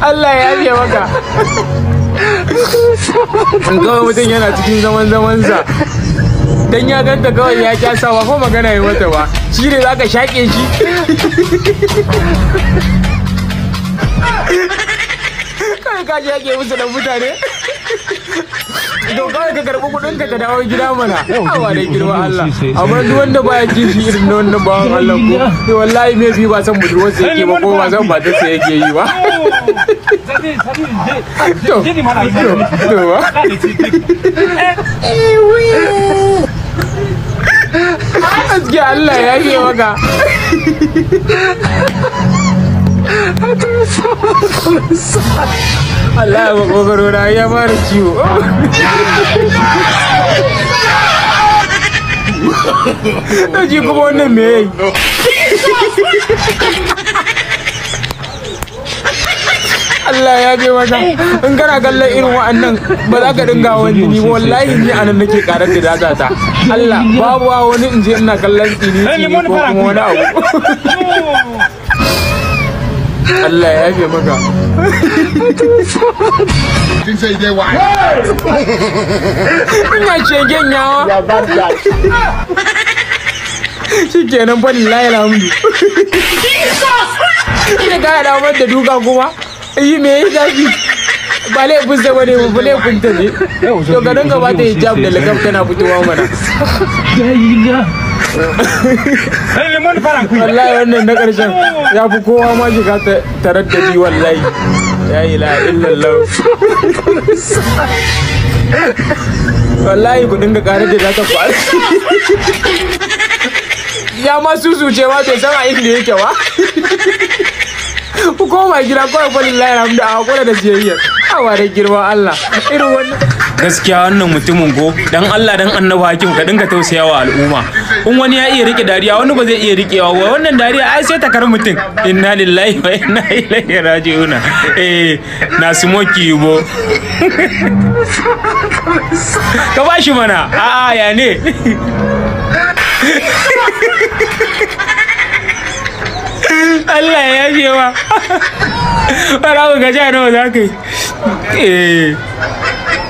Allah ya yafe maka in kawai mutum yana cikin zaman zaman sa. dan ya ganta kawai ya kya sa ba ko magana ya mata ba shi ne za ka shaƙe shi kai ka shaƙe musu da mutane dokar ka karɓi kuɗin ka ta dawo gida mana awa da girma Allah amma duk wanda baya kishi irin na wannan bawan Allah ko to wallahi me bi ba san budurwar sa yake ba ko ba san ba ta yake yi ba to to to ba Allah ya yi maka. Allah ba kogaro ya fara mata in kana kallon irin wa'annan ba za ka dinga wani ni wallahi ni anan nake karar da data ta Allah babu wani in ina kallon tsini ko kuma wani abu Allah ya yafe maka kin sai dai wai Kin ma ce gen ya wa. Ya shegen da. shi kenan fa lillahi alhamdu ina kara damar da duka kuma yi me yi shi? ba laifin sa bane ba laifin ta ne to garin gaba ta hijab da lakab tana fitowa mana Ya yi jahila Lalle mun fara kuyi. Wallahi wannan na ƙarshen ya fi kowa ma shiga taraddadi wallahi. La ilaha illallah. Wallahi ku dinga ƙarar da zaka ku Ya ma susuce ma bai san a inda yake ba. Ku koma gida kawai kwalin lahira da a hakura da siyayyar. Awa da girman Allah. Irin wannan. gaskiya wannan mutumin go dan Allah dan annabi hakim ka dinga tausayawa al'umma in wani ya iya rike dariya wani ba zai iya rikewa ba wannan dariya ai sai ta kar mutum inna lillahi wa inna ilaihi raji'un eh na smoke bo ka ba shi mana a'a ya ne Allah ya yi wa. Bara ku ga nawa za ka yi. Eh.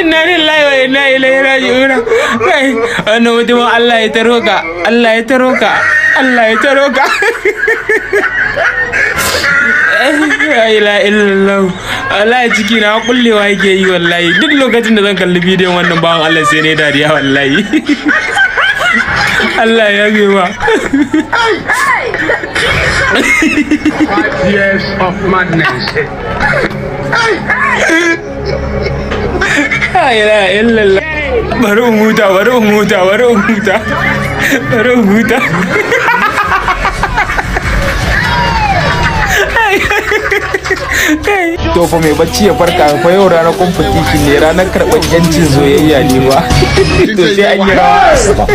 inna lillahi wa inna ilaihi raji'un kai wannan mutumin Allah ya taro ka Allah ya taro ka Allah ya taro ka la ilaha illallah wallahi ciki na kullewa yake yi wallahi duk lokacin da zan kalli bidiyon wannan bawan Allah sai ne dariya wallahi Allah ya gaba. Five years of madness. Ay, la, Ayala illallah. Bari in huta, bari in huta, bari in huta. Bari in huta. To fa mai bacci ya farka fa yau ranar competition ne ranar karɓar 'yancin zoyayya ne ba. To sai an yi rawa.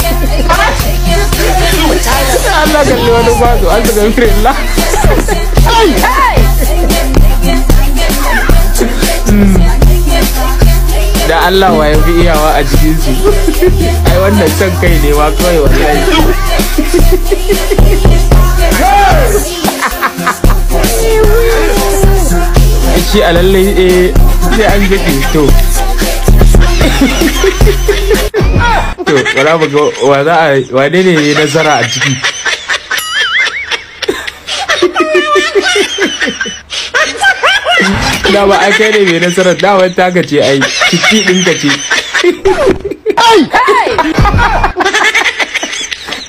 Allah hmm. da Allah wa fi iyawa a jikin su ai wannan son kai ne wa kawai wallahi shi a lallai eh sai an gaɗe to to wala ga wa za a wane ne nazara a ciki dama ai kai ne mai nasarar damar ta ce ai ciki ɗinka ce ai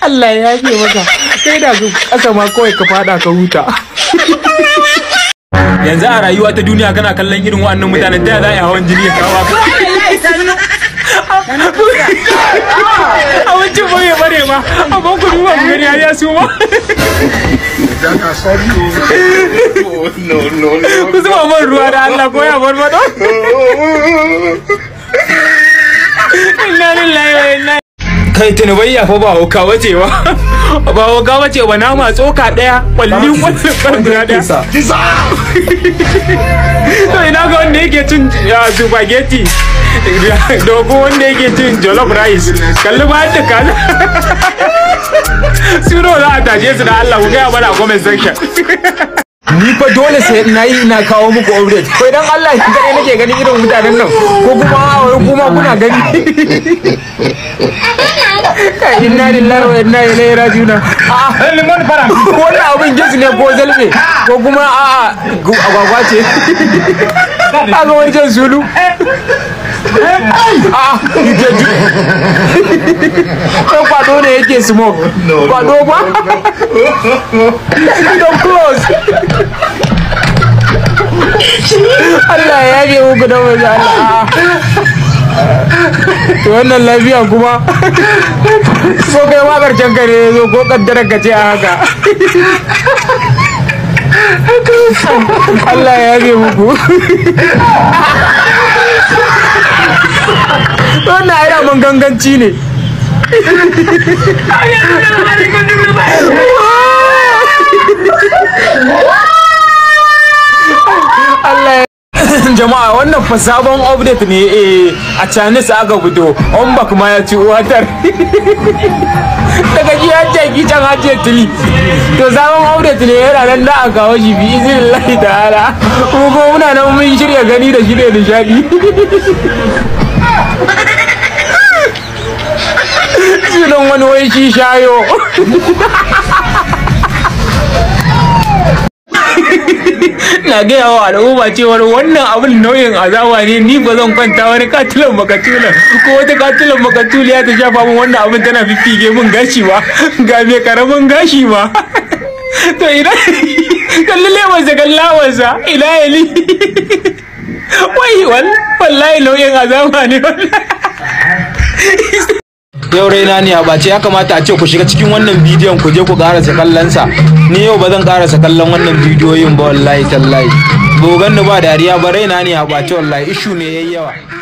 Allah ya yafe maka kai da su ƙasa ma kawai ka fada ka huta yanzu a rayuwa ta duniya kana kallon irin wa'annan mutanen ta za a yi hawan jini ya kawo ka a wancan bai bare ma amma ku duba ya su ma Jaga, sorry. Oh, no, no, no. Gusto mo mo ruwan ang labo ya, bon ba to? Inna lillahi wa inna kai bai fa ba hauka wace ba ba hauka wace ba ma tsoka daya kwalli wannan kwalli daya to ina ga wanda yake cin spaghetti dogo wanda yake cin jollof rice kalli ba da kala suro za a tashe su da Allah ku ga mana a comment section ni fa dole sai na yi ina kawo muku update ko dan Allah ki kare nake gani irin mutanen nan ko kuma kuma kuna gani inna lillahi wa inna ilaihi raji'un a limon fara wannan abin gizi ne ko zalbe ko kuma a agwagwa ce ka ga wani zulu Ah, kan kwado ne yake Allah ya da ah. wannan lafiya kuma ko kai ma karshen ka ne zo ko kaddara ka ce a haka Allah ya yabe muku wannan ai daman ganganci ne Allah jama'a wannan fa sabon update ne eh a Chinese aka fito on bak ma ya ci watar daga ji ya ce ki can haje tili to sabon update ne yana nan da aka kawo shi bi izinillahi da ala ko muna nan mun shirya gani da shi da nishadi sunan wani wai shi shayo na gaya wa al'umma cewar wannan abin nauyin azaba ne ni ba zan kwanta wani katilan makatula ko wata katilan makatuliya ta shafa min wannan abin tana fiffige min gashi ba ga me karamin gashi ba to idan kalli lewansa kalli ina ila yali wai wallahi nau'in azaba ne wallahi yau raina ne a bace ya kamata a ce ku shiga cikin wannan bidiyon ku je ku karasa kallon sa ni yau ba zan karasa kallon wannan bidiyoyin ba wallahi tallahi bogan ni ba dariya ba raina ne a bace wallahi ishu ne yayyawa. yawa